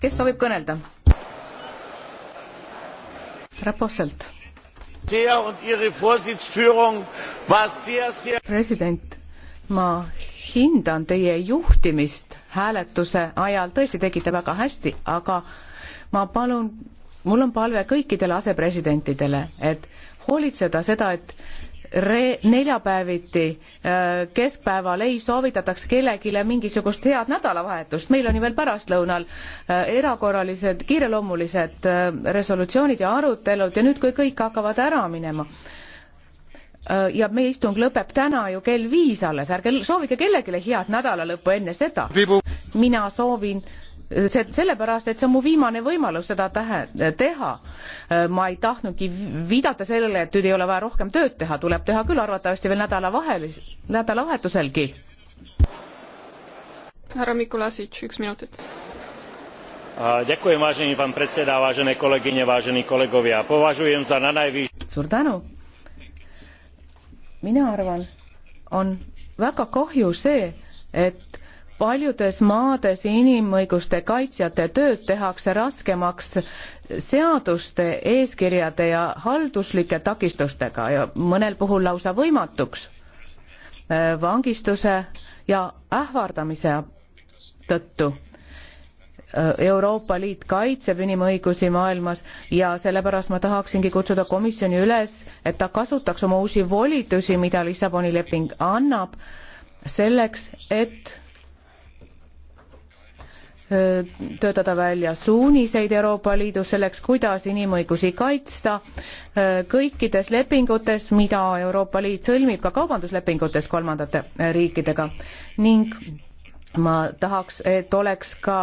kes soovib kõnelda? härra Posselt. president, ma hindan teie juhtimist hääletuse ajal, tõesti tegite väga hästi, aga ma palun, mul on palve kõikidele asepresidentidele, et hoolitseda seda, et re-, neljapäeviti äh, keskpäeval ei soovitataks kellelegi mingisugust head nädalavahetust, meil on ju veel pärastlõunal äh, erakorralised kiireloomulised äh, resolutsioonid ja arutelud ja nüüd, kui kõik hakkavad ära minema, ja meie istung lõpeb täna ju kell viis alles, ärge soovige kellelegi head nädalalõppu enne seda. mina soovin äh, see sellepärast, et see on mu viimane võimalus seda tähe-, teha. ma ei tahtnudki viidata sellele, et nüüd ei ole vaja rohkem tööd teha, tuleb teha küll arvatavasti veel nädalavahelis-, nädalavahetuselgi. härra Mikulasic, üks minutit. Ďakujem, vážený pán predseda, vážené kolegyne, vážení kolegovia. Považujem za na najvýš... Suur tänu. Mina arvan, on väga kahju see, et paljudes maades inimõiguste kaitsjate tööd tehakse raskemaks seaduste, eeskirjade ja halduslike takistustega ja mõnel puhul lausa võimatuks vangistuse ja ähvardamise tõttu Euroopa Liit kaitseb inimõigusi maailmas ja sellepärast ma tahaksingi kutsuda komisjoni üles, et ta kasutaks oma uusi volitusi, mida Lissaboni leping annab, selleks, et Äh, töötada välja suuniseid Euroopa Liidus selleks, kuidas inimõigusi kaitsta äh, kõikides lepingutes, mida Euroopa Liit sõlmib, ka kaubanduslepingutes kolmandate äh, riikidega ning ma tahaks, et oleks ka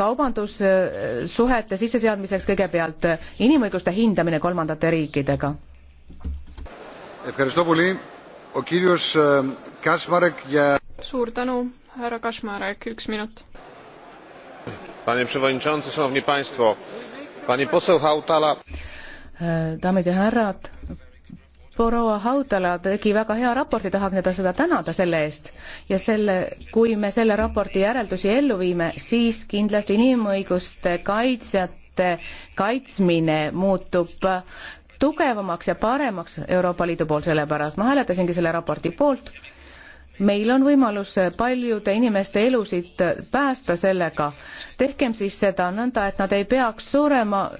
kaubandussuhete sisseseadmiseks kõigepealt inimõiguste hindamine kolmandate riikidega. suur tänu, härra Kašmarek, üks minut panie przewodniczący! szanowni państwo! pani poseł hautala e, daamid ja härrad proua hautala tegi väga hea raporti tahaksin teda seda tänada selle eest ja selle kui me selle raporti järeldusi ellu viime siis kindlasti inimõiguste kaitsjate kaitsmine muutub tugevamaks ja paremaks euroopa liidu poolt sellepärast ma hääletasingi selle raporti poolt meil on võimalus paljude inimeste elusid päästa sellega. tehkem siis seda nõnda, et nad ei peaks surema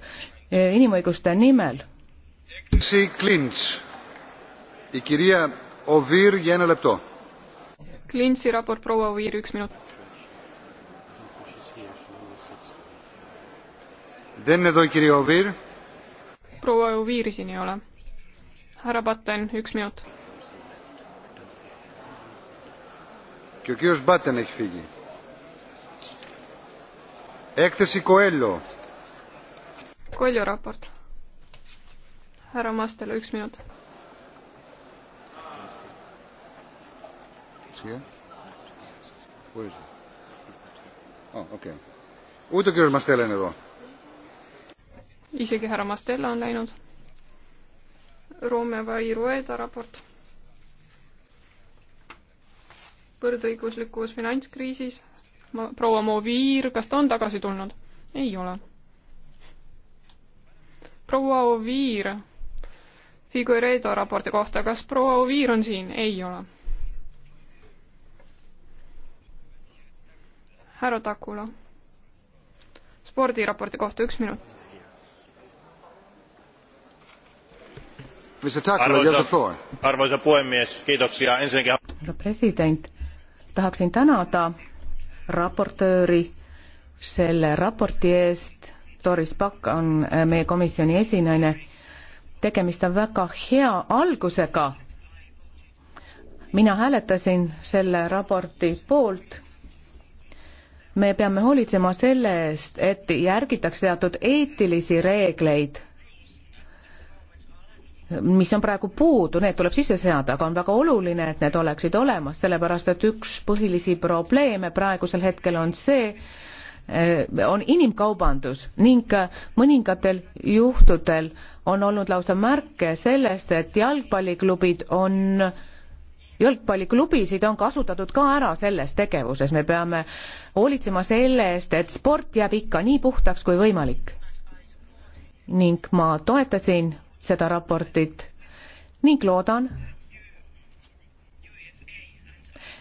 eh, inimõiguste nimel. Klintsi raport proua Oviir, üks minut. proua Oviiri siin ei ole. härra Patten, üks minut και ο κύριος Μπάτεν έχει φύγει. Έκθεση Κοέλλο. Κοέλλο ράπορτ. Härra Mastelo, üks minut. Ούτε ο κύριος Μαστέλα είναι εδώ. Isegi härra Mastella on läinud. Roomeva Irueda raport võrdõiguslikkus finantskriisis. proua Moviir, kas ta on tagasi tulnud? ei ole. proua Oviir, Figueredo raporti kohta, kas proua Oviir on siin? ei ole. härra Takula, spordiraporti kohta üks minut. arvoisa puhemies, kiitoksia ensinnäkin. härra president tahaksin tänada raportööri selle raporti eest. Doris Pakk on äh, meie komisjoni esinaine. tegemist on väga hea algusega. mina hääletasin selle raporti poolt. me peame hoolitsema selle eest, et järgitaks teatud eetilisi reegleid mis on praegu puudu, need tuleb sisse seada, aga on väga oluline, et need oleksid olemas, sellepärast et üks põhilisi probleeme praegusel hetkel on see, eh, on inimkaubandus ning eh, mõningatel juhtudel on olnud lausa märke sellest, et jalgpalliklubid on, jalgpalliklubisid on kasutatud ka ära selles tegevuses, me peame hoolitsema selle eest, et sport jääb ikka nii puhtaks kui võimalik. ning ma toetasin seda raportit ning loodan,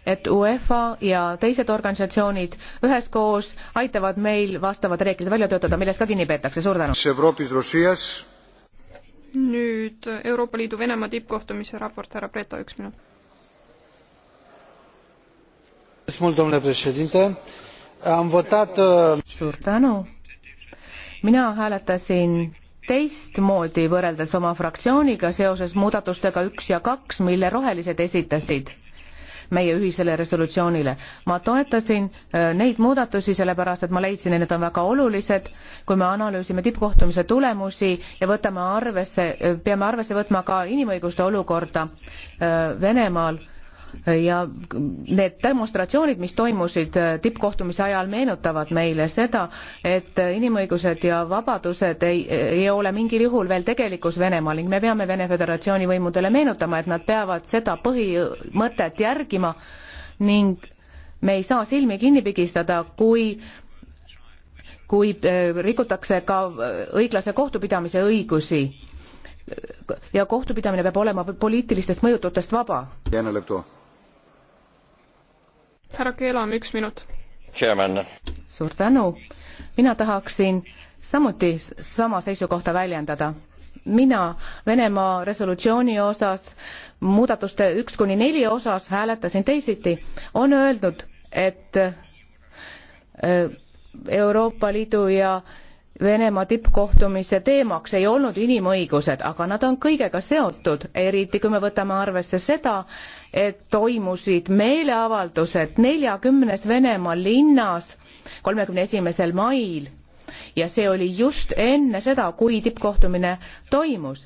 et UEFA ja teised organisatsioonid üheskoos aitavad meil vastavad reeglid välja töötada, millest ka kinni peetakse, suur tänu. nüüd Euroopa Liidu Venemaa tippkohtumise raport, härra Preto, üks minut. Uh, suur tänu, mina hääletasin teistmoodi võrreldes oma fraktsiooniga seoses muudatustega üks ja kaks, mille rohelised esitasid meie ühisele resolutsioonile. ma toetasin äh, neid muudatusi, sellepärast et ma leidsin, et need on väga olulised, kui me analüüsime tippkohtumise tulemusi ja võtame arvesse, äh, peame arvesse võtma ka inimõiguste olukorda äh, Venemaal ja need demonstratsioonid, mis toimusid äh, tippkohtumise ajal, meenutavad meile seda, et äh, inimõigused ja vabadused ei, ei ole mingil juhul veel tegelikus Venemaal ning me peame Vene Föderatsiooni võimudele meenutama, et nad peavad seda põhimõtet järgima ning me ei saa silmi kinni pigistada, kui kui äh, rikutakse ka õiglase kohtupidamise õigusi ja kohtupidamine peab olema poliitilistest mõjututest vaba. härra Keela on üks minut. suur tänu. mina tahaksin samuti sama seisukohta väljendada mina Venemaa resolutsiooni osas, muudatuste üks kuni neli osas hääletasin teisiti, on öeldud, et äh, Euroopa Liidu ja Venemaa tippkohtumise teemaks ei olnud inimõigused, aga nad on kõigega seotud, eriti kui me võtame arvesse seda, et toimusid meeleavaldused neljakümnes Venemaa linnas kolmekümne esimesel mail ja see oli just enne seda, kui tippkohtumine toimus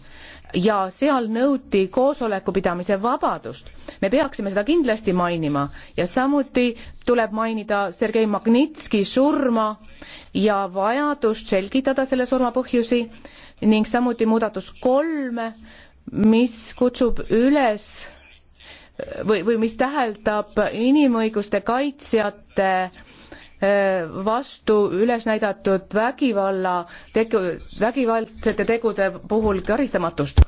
ja seal nõuti koosoleku pidamise vabadust. me peaksime seda kindlasti mainima ja samuti tuleb mainida Sergei Magnitski surma ja vajadust selgitada selle surma põhjusi ning samuti muudatus kolme, mis kutsub üles või, või mis täheldab inimõiguste kaitsjate äh, vastu üles näidatud vägivalla tegu, vägivaldsete tegude puhul karistamatust.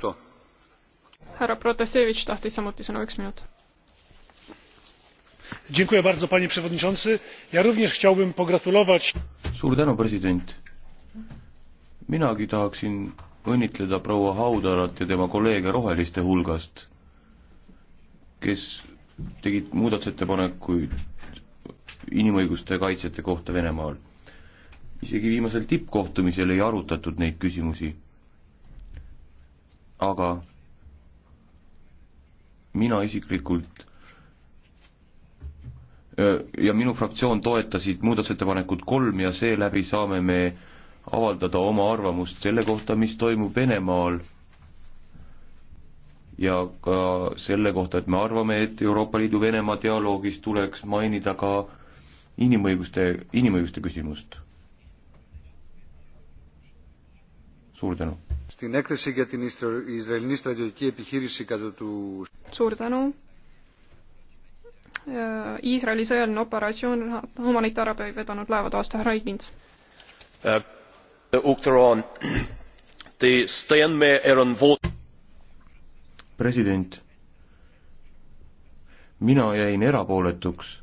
härra Protasevitš tahtis samuti sõna, üks minut panie przewodniczący! ja również chciałbym pogratulować minagi tahaksin õnnitleda proua haudalat ja tema kolleege roheliste hulgast kes tegid muudatusettepanekuid inimõiguste kaitsjate kohta Venemaal. isegi viimasel tippkohtumisel ei arutatud neid küsimusi. aga mina isiklikult ja minu fraktsioon toetasid muudatusettepanekut kolm ja seeläbi saame me avaldada oma arvamust selle kohta, mis toimub Venemaal ja ka selle kohta, et me arvame, et Euroopa Liidu Venemaa dialoogis tuleks mainida ka inimõiguste, inimõiguste küsimust. suur tänu. suur tänu. Iisraeli sõjaline operatsioon humanitaarabi vedanud laevade vastu, härra Higins. Äh, er president, mina jäin erapooletuks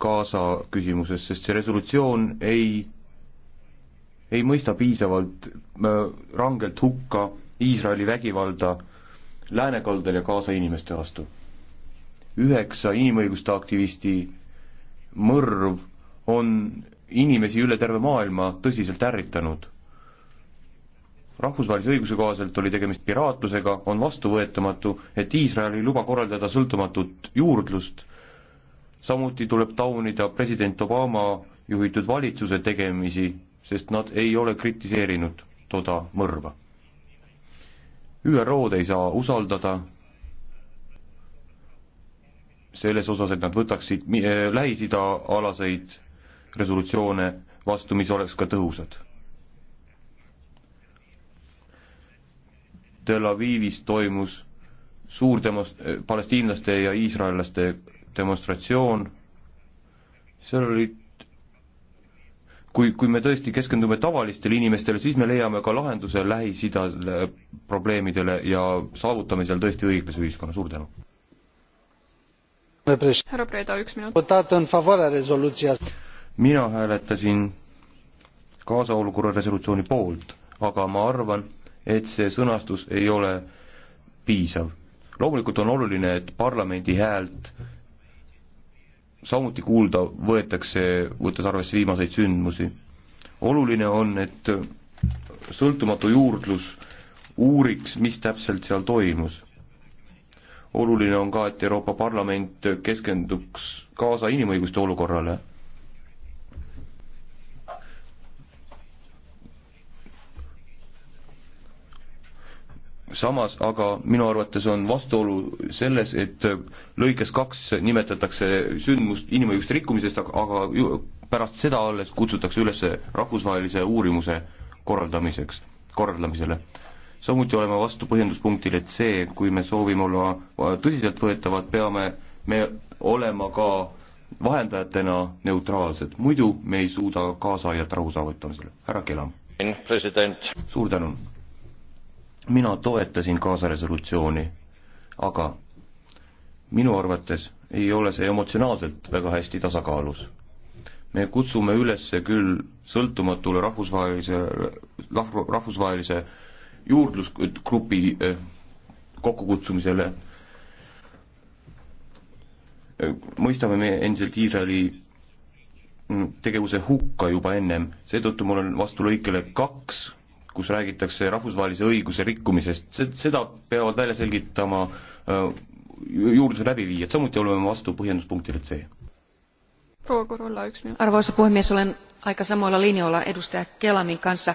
Gaza küsimuses, sest see resolutsioon ei, ei mõista piisavalt äh, rangelt hukka Iisraeli vägivalda läänekaldal ja Gaza inimeste vastu. üheksa inimõiguste aktivisti mõrv on inimesi üle terve maailma tõsiselt ärritanud. rahvusvahelise õiguse kohaselt oli tegemist piraatlusega, on vastuvõetamatu, et Iisrael ei luba korraldada sõltumatut juurdlust samuti tuleb taunida president Obama juhitud valitsuse tegemisi, sest nad ei ole kritiseerinud toda mõrva. ÜRO-d ei saa usaldada selles osas, et nad võtaksid äh, Lähis-Ida alaseid resolutsioone vastu, mis oleks ka tõhusad. Tel Avivis toimus suur demos-, äh, palestiinlaste ja iisraellaste demonstratsioon, seal olid, kui, kui me tõesti keskendume tavalistele inimestele, siis me leiame ka lahenduse Lähis-Ida probleemidele ja saavutame seal tõesti õiglase ühiskonna, suur tänu! härra Preda, üks minut. mina hääletasin Gaza olukorra resolutsiooni poolt, aga ma arvan, et see sõnastus ei ole piisav. loomulikult on oluline, et parlamendi häält äh, samuti kuulda võetakse, võttes arvesse viimaseid sündmusi. oluline on, et sõltumatu juurdlus uuriks, mis täpselt seal toimus. oluline on ka, et Euroopa Parlament keskenduks Gaza inimõiguste olukorrale samas aga minu arvates on vastuolu selles, et lõikes kaks nimetatakse sündmust inimõiguste rikkumisest, aga ju, pärast seda alles kutsutakse üles rahvusvahelise uurimuse korraldamiseks, korraldamisele. samuti oleme vastu põhjenduspunktile C, kui me soovime olla tõsiseltvõetavad, peame me olema ka vahendajatena neutraalsed, muidu me ei suuda kaasa aidata rahu saavutamisele. härra Kelam. suur tänu mina toetasin kaasaresolutsiooni, aga minu arvates ei ole see emotsionaalselt väga hästi tasakaalus. me kutsume üles küll sõltumatule rahvusvahelise, rahvusvahelise juurdlusgrupi eh, kokkukutsumisele, eh, mõistame me endiselt Iisraeli mm, tegevuse hukka juba ennem, seetõttu ma olen vastu lõikele kaks kus räägitakse rahvusvahelise õiguse rikkumisest, seda peavad välja selgitama äh, juurdluse läbiviijad, samuti oleme vastu põhjenduspunktile C. proua Korolla, üks minut. arvoisa puhemies, olen aika samoilla linjoilla edustaja Kelamin kanssa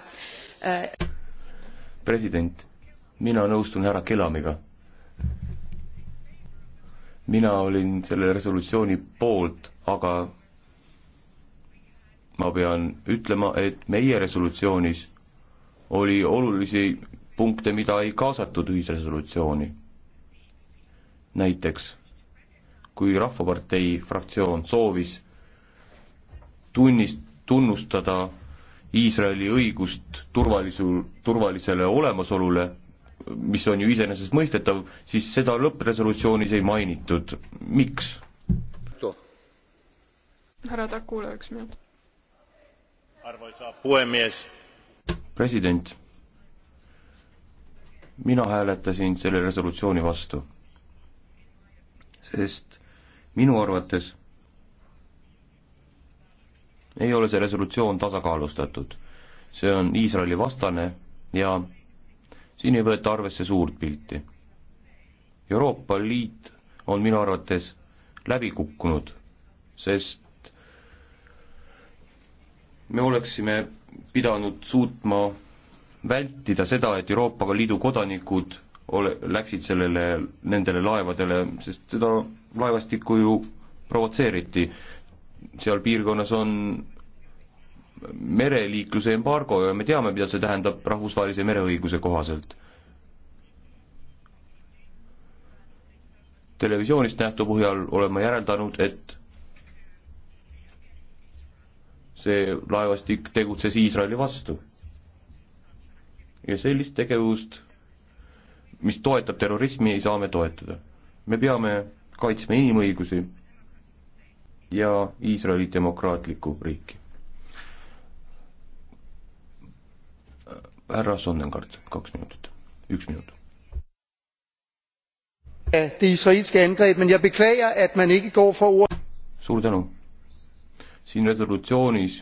äh.... president, mina nõustun härra Kelamiga. mina olin selle resolutsiooni poolt, aga ma pean ütlema, et meie resolutsioonis oli olulisi punkte, mida ei kaasatud ühisresolutsiooni. näiteks kui Rahvapartei fraktsioon soovis tunnist, tunnustada Iisraeli õigust turvalisu, turvalisele olemasolule, mis on ju iseenesestmõistetav, siis seda lõppresolutsioonis ei mainitud, miks? härra Takula, üks minut. arvoisa puhemees president, mina hääletasin selle resolutsiooni vastu, sest minu arvates ei ole see resolutsioon tasakaalustatud. see on Iisraeli vastane ja siin ei võeta arvesse suurt pilti. Euroopa Liit on minu arvates läbi kukkunud, sest me oleksime pidanud suutma vältida seda, et Euroopa Liidu kodanikud ole, läksid sellele, nendele laevadele, sest seda laevastikku ju provotseeriti. seal piirkonnas on mereliikluse embargo ja me teame, mida see tähendab rahvusvahelise mereõiguse kohaselt. televisioonist nähtu põhjal olen ma järeldanud, et see laevastik tegutses Iisraeli vastu. ja sellist tegevust, mis toetab terrorismi, ei saa me toetada. me peame kaitsma inimõigusi ja Iisraeli demokraatlikku riiki. härra Sonnenkaart, kaks minutit, üks minut det er israelske angreb men jeg beklager at man ikke går fra ord. Suur tänu siin resolutsioonis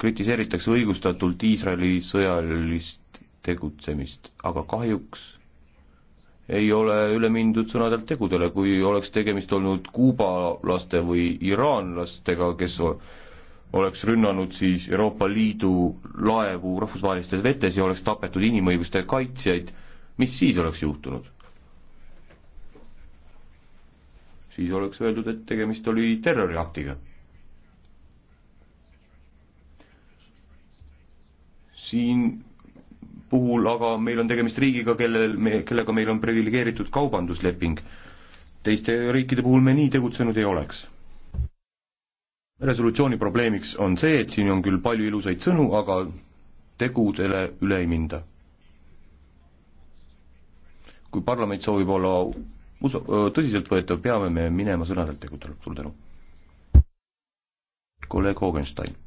kritiseeritakse õigustatult Iisraeli sõjalist tegutsemist, aga kahjuks ei ole üle mindud sõnadelt tegudele, kui oleks tegemist olnud kuubalaste või iraanlastega, kes oleks rünnanud siis Euroopa Liidu laevu rahvusvahelistes vetes ja oleks tapetud inimõiguste kaitsjaid, mis siis oleks juhtunud? siis oleks öeldud, et tegemist oli terroriaktiga siin puhul aga meil on tegemist riigiga, kellel me, kellega meil on priviligeeritud kaubandusleping. teiste riikide puhul me nii tegutsenud ei oleks. resolutsiooni probleemiks on see, et siin on küll palju ilusaid sõnu, aga tegudele üle ei minda. kui parlament soovib olla usu-, tõsiseltvõetav, peame me minema sõnadelt tegudele, suur tänu. kolleeg Hogenstein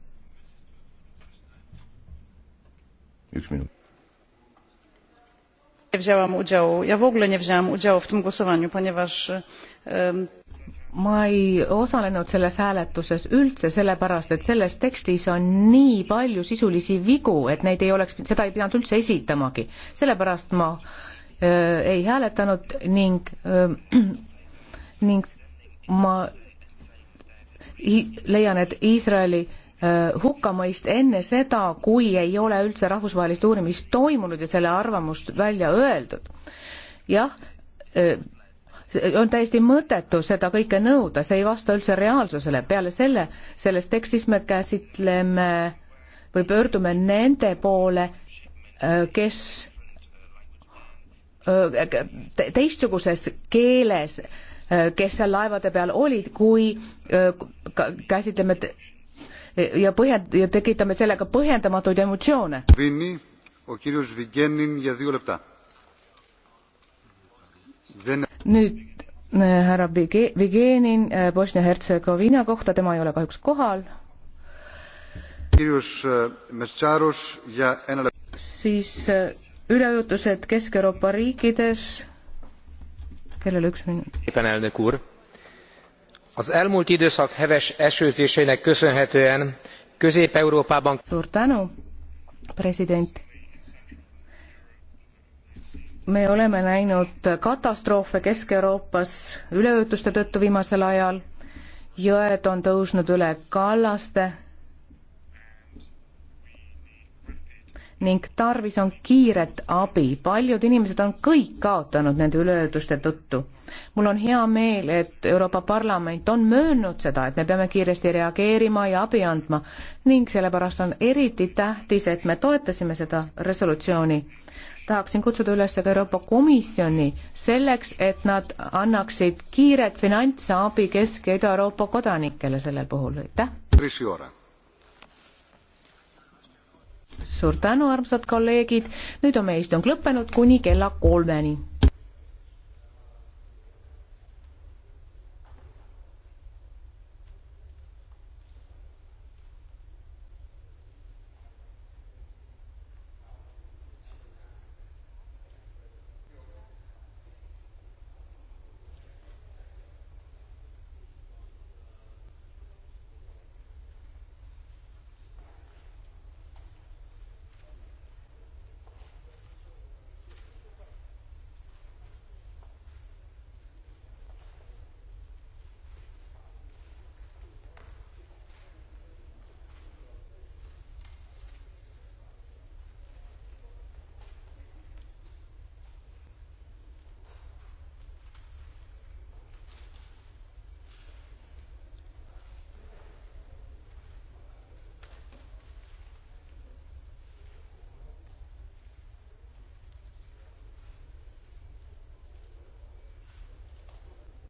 üks minut. ja Voglen ja Vžem Udželov tõmm Kosovan ju panevaš ma ei osalenud selles hääletuses üldse, sellepärast et selles tekstis on nii palju sisulisi vigu, et neid ei oleks, seda ei pidanud üldse esitamagi. sellepärast ma öö, ei hääletanud ning öö, ning ma leian, et Iisraeli Äh, hukkamõist enne seda, kui ei ole üldse rahvusvahelist uurimist toimunud ja selle arvamust välja öeldud. jah, äh, on täiesti mõttetu seda kõike nõuda, see ei vasta üldse reaalsusele, peale selle, selles tekstis me käsitleme või pöördume nende poole, äh, kes teistsuguses keeles, kes seal laevade peal olid, kui käsitleme ja põhjend- ja tekitame sellega põhjendamatuid emotsioone. nüüd äh, härra Vigenin äh, Bosnia-Hertsegoviina kohta, tema ei ole kahjuks kohal. Äh, siis üleujutused Kesk-Euroopa riikides, kellele üks minut az elmúlt időszak heves esőzéseinek köszönhetően közép európában. suur tänu president me oleme näinud katastroofe kesk euroopas üleujutuste tõttu viimasel ajal jõed on tõusnud üle kallaste ning tarvis on kiiret abi. paljud inimesed on kõik kaotanud nende üleöelduste tõttu. mul on hea meel, et Euroopa Parlament on möönnud seda, et me peame kiiresti reageerima ja abi andma ning sellepärast on eriti tähtis, et me toetasime seda resolutsiooni. tahaksin kutsuda üles ka Euroopa Komisjoni selleks, et nad annaksid kiiret finantsabi Kesk- ja Ida-Euroopa kodanikele sellel puhul, aitäh! suur tänu, armsad kolleegid, nüüd on meie istung lõppenud kuni kella kolmeni